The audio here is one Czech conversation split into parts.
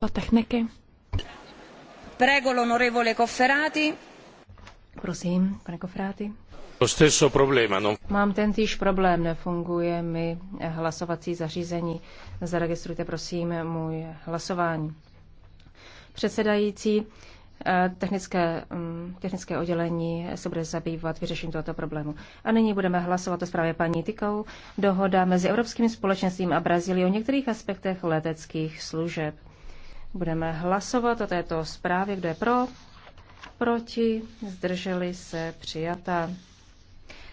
a techniky. Prego l'onorevole Cofferati. Prosím, pane Cofferati. To stesso problema, tentýž problém, nefunguje mi hlasovací zařízení. Zaregistrujte prosím můj hlasování. Předsedající, eh, Technické, mm, technické oddělení se bude zabývat vyřešením tohoto problému. A nyní budeme hlasovat o zprávě paní Tykou. Dohoda mezi Evropským společenstvím a Brazílií o některých aspektech leteckých služeb. Budeme hlasovat o této zprávě, kdo je pro, proti, zdrželi se, přijata.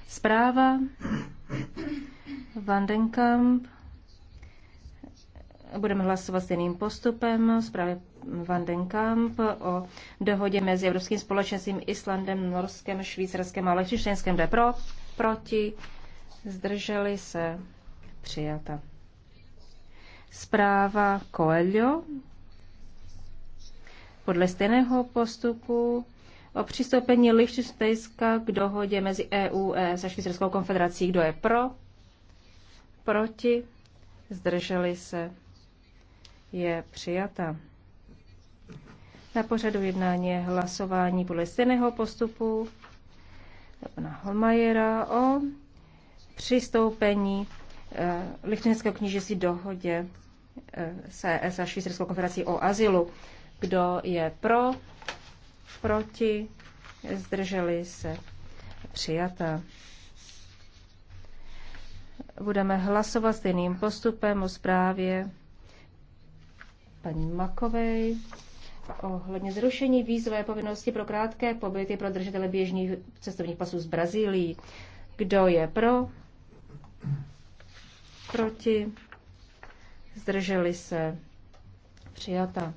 Zpráva Vandenkamp. Budeme hlasovat stejným postupem zprávy Vandenkamp o dohodě mezi Evropským společenstvím, Islandem, Norskem, Švýcarskem a Lechtenštejnskem. je pro, proti, zdrželi se, přijata. Zpráva Coelho podle stejného postupu o přistoupení Lichtensteinska k dohodě mezi EU e a Švýcarskou konfederací. Kdo je pro? Proti? Zdrželi se? Je přijata. Na pořadu jednání je hlasování podle stejného postupu pana Holmajera o přistoupení eh, Lichtensteinského knížecí dohodě eh, se a Švýcarskou konfederací o azylu. Kdo je pro? Proti? Zdrželi se? Přijata. Budeme hlasovat stejným postupem o zprávě paní Makovej ohledně zrušení vízové povinnosti pro krátké pobyty pro držitele běžných cestovních pasů z Brazílii. Kdo je pro? Proti? Zdrželi se? Přijata.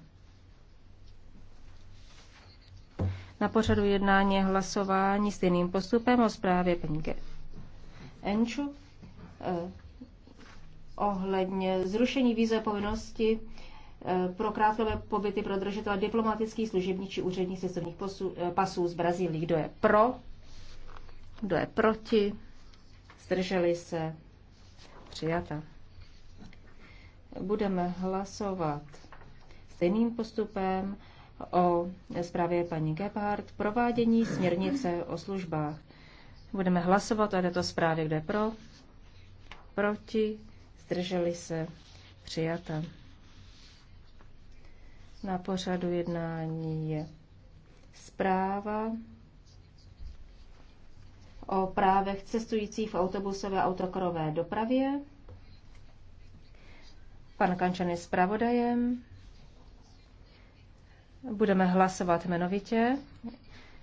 Na pořadu jednání je hlasování stejným postupem o zprávě paní Enču eh, ohledně zrušení víze povinnosti eh, pro krátkové pobyty pro držitele diplomatických, služebních či úředních cestovních eh, pasů z Brazílie. Kdo je pro? Kdo je proti? Zdrželi se? Přijata. Budeme hlasovat stejným postupem o zprávě paní Gebhardt, provádění směrnice o službách. Budeme hlasovat o této zprávě, kde pro, proti, zdrželi se, přijata. Na pořadu jednání je zpráva o právech cestujících v autobusové a autokorové dopravě. Pan Kančan je zpravodajem. Budeme hlasovat jmenovitě.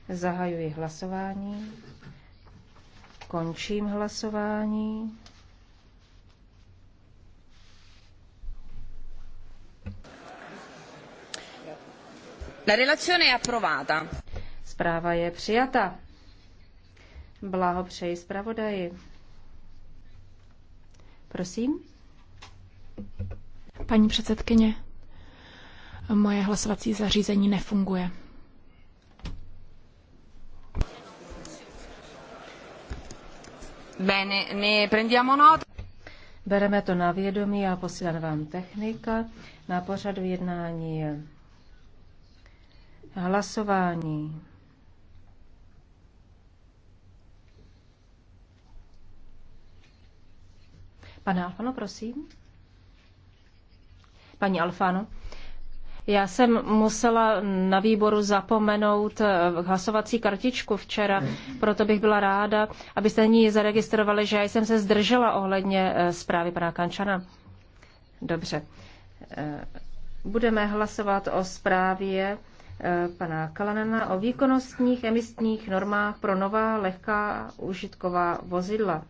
Zahajuji hlasování. Končím hlasování. La relazione è approvata. Zpráva je přijata. Blahopřeji zpravodaji. Prosím. Paní předsedkyně, Moje hlasovací zařízení nefunguje. Bene, ne prendiamo nota. Bereme to na vědomí a posílám vám technika. Na pořadu jednání je hlasování. Pane Alfano, prosím. Paní Alfano. Já jsem musela na výboru zapomenout eh, hlasovací kartičku včera, proto bych byla ráda, abyste ní zaregistrovali, že já jsem se zdržela ohledně eh, zprávy pana Kančana. Dobře. Eh, budeme hlasovat o zprávě pana Kalanena o výkonnostních emisních normách pro nová lehká užitková vozidla.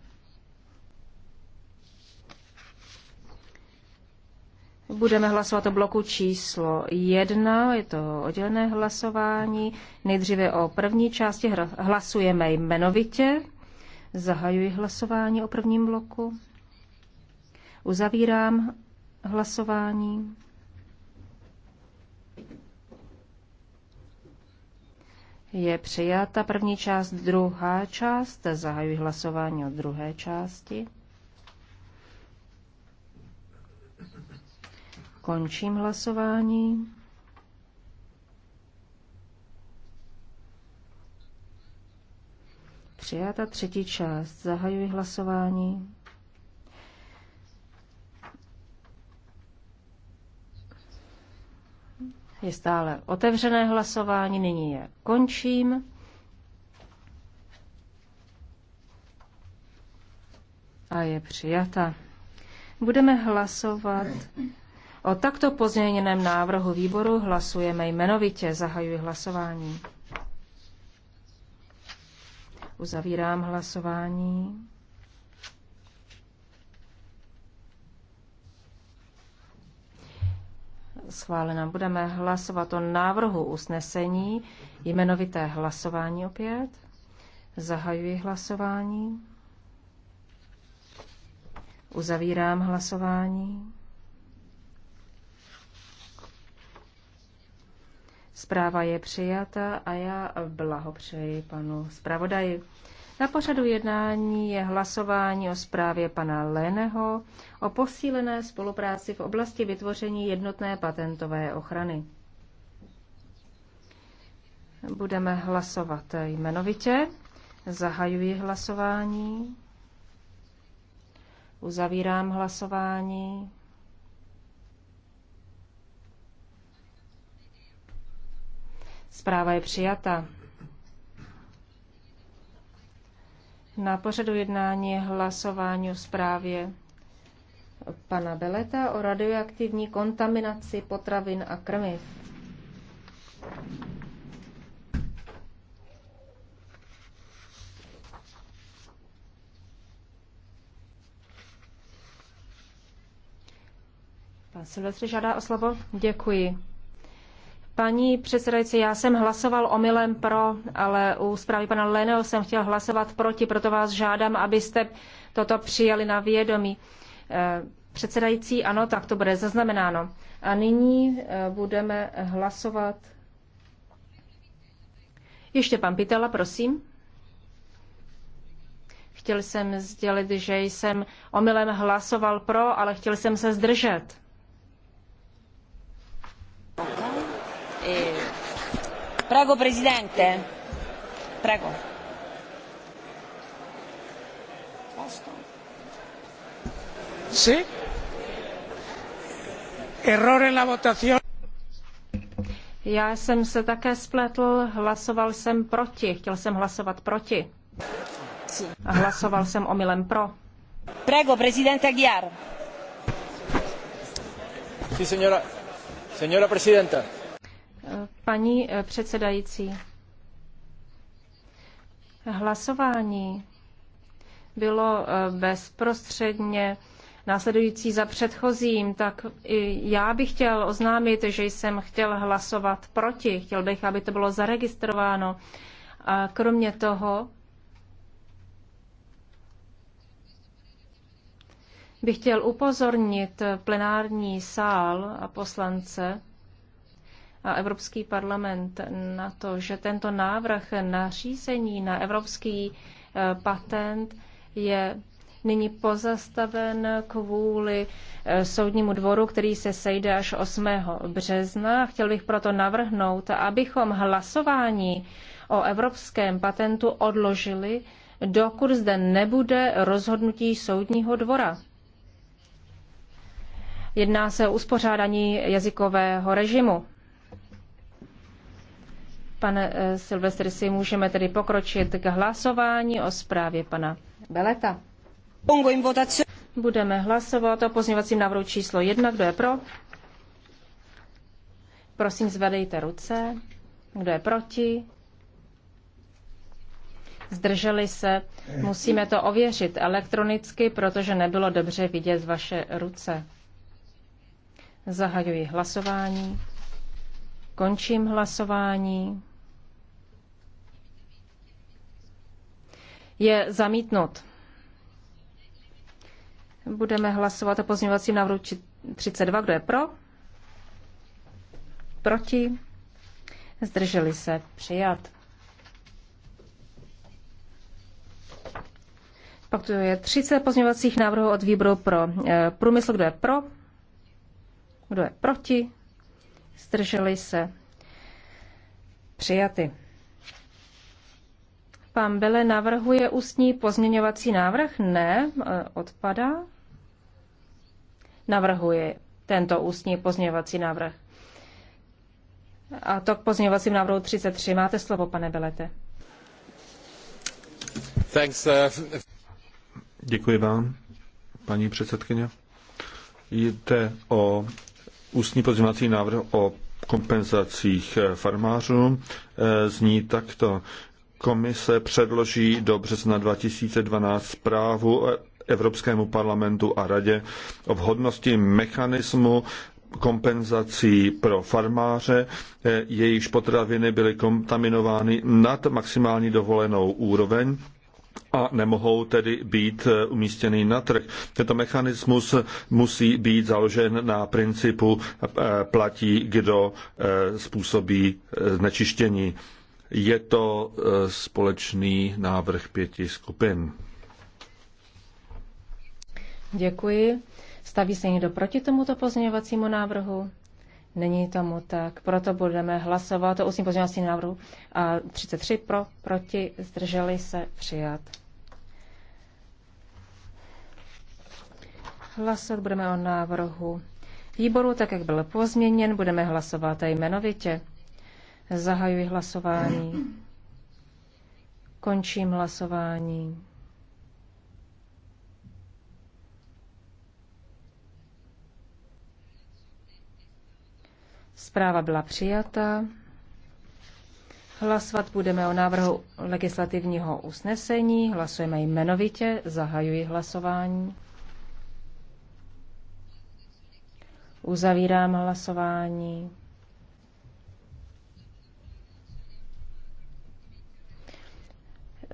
Budeme hlasovat o bloku číslo jedna, je to oddělené hlasování. Nejdříve o první části hlasujeme jmenovitě. Zahajuji hlasování o prvním bloku. Uzavírám hlasování. Je přijata první část, druhá část. Zahajuji hlasování o druhé části. Končím hlasování. Přijata třetí část. Zahajuji hlasování. Je stále otevřené hlasování, nyní je končím. A je přijata. Budeme hlasovat O takto pozměněném návrhu výboru hlasujeme jmenovitě. Zahajuji hlasování. Uzavírám hlasování. Schválena. Budeme hlasovat o návrhu usnesení. Jmenovité hlasování opět. Zahajuji hlasování. Uzavírám hlasování. Zpráva je přijata a já blahopřeji panu zpravodaji. Na pořadu jednání je hlasování o zprávě pana Léneho o posílené spolupráci v oblasti vytvoření jednotné patentové ochrany. Budeme hlasovat jmenovitě. Zahajuji hlasování. Uzavírám hlasování. Zpráva je přijata. Na pořadu jednání je hlasování o zprávě pana Beleta o radioaktivní kontaminaci potravin a krmiv. Pan Silvestr žádá o slovo. Děkuji. Paní předsedající, já jsem hlasoval omylem pro, ale u zprávy pana Leného jsem chtěl hlasovat proti, proto vás žádám, abyste toto přijali na vědomí. Eh, předsedající, ano, tak to bude zaznamenáno. A nyní eh, budeme hlasovat. Ještě pan Pitela, prosím. Chtěl jsem sdělit, že jsem omylem hlasoval pro, ale chtěl jsem se zdržet. E... Prego, Presidente. Prego. Sì? Errore la votazione. Já jsem se také spletl, hlasoval jsem proti, chtěl jsem hlasovat proti. A hlasoval jsem omylem pro. Prego, prezidente Aguiar. Sí, señora, señora presidenta paní předsedající. Hlasování bylo eh, bezprostředně následující za předchozím, tak i já bych chtěl oznámit, že jsem chtěl hlasovat proti. Chtěl bych, aby to bylo zaregistrováno. A kromě toho bych chtěl upozornit plenární sál a poslance, a Evropský parlament na to, že tento návrh nařízení na evropský eh, patent je nyní pozastaven kvůli eh, soudnímu dvoru, který se sejde až 8. března. Chtěl bych proto navrhnout, abychom hlasování o evropském patentu odložili, dokud zde nebude rozhodnutí soudního dvora. Jedná se o uspořádání jazykového režimu. Pane eh, Silvestr, si můžeme tedy pokročit k hlasování o zprávě pana Beleta. Budeme hlasovat o pozměňovacím návrhu číslo 1. Kdo je pro? Prosím, zvedejte ruce. Kdo je proti? Zdrželi se. Musíme to ověřit elektronicky, protože nebylo dobře vidět vaše ruce. Zahajuji hlasování. Končím hlasování. je zamítnut. Budeme hlasovat o pozměňovacím návrhu 32. Kdo je pro? Proti? Zdrželi se přijat. Pak tu je 30 pozměňovacích návrhů od výboru pro eh, průmysl. Kdo je pro? Kdo je proti? Zdrželi se přijaty. Pan Bele navrhuje ústní pozměňovací návrh? Ne, e, odpadá. Navrhuje tento ústní pozměňovací návrh. A to k pozměňovacím návrhu 33. Máte slovo, pane Belete. Thanks, uh... Děkuji vám, paní předsedkyně. Jde o ústní pozměňovací návrh o kompenzacích farmářů. E, zní takto. Komise předloží do března 2012 zprávu Evropskému parlamentu a radě o vhodnosti mechanismu kompenzací pro farmáře, jejichž potraviny byly kontaminovány nad maximální dovolenou úroveň a nemohou tedy být umístěny na trh. Tento mechanismus musí být založen na principu eh, platí, kdo eh, způsobí eh, znečištění. Je to e, společný návrh pěti skupin. Děkuji. Staví se někdo proti tomuto pozměňovacímu návrhu? Není tomu tak. Proto budeme hlasovat o ústním pozměňovacím návrhu. A 33 pro, proti, zdrželi se, přijat. Hlasovat budeme o návrhu výboru, tak jak byl pozměněn, budeme hlasovat jmenovitě. Zahajuji hlasování. Končím hlasování. Zpráva byla přijata. Hlasovat budeme o návrhu legislativního usnesení. Hlasujeme jmenovitě. Zahajuji hlasování. Uzavírám hlasování.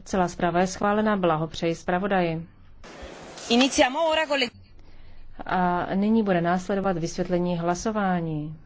Celá zpráva je schválena, blahopřeji zpravodaji. A nyní bude následovat vysvětlení hlasování.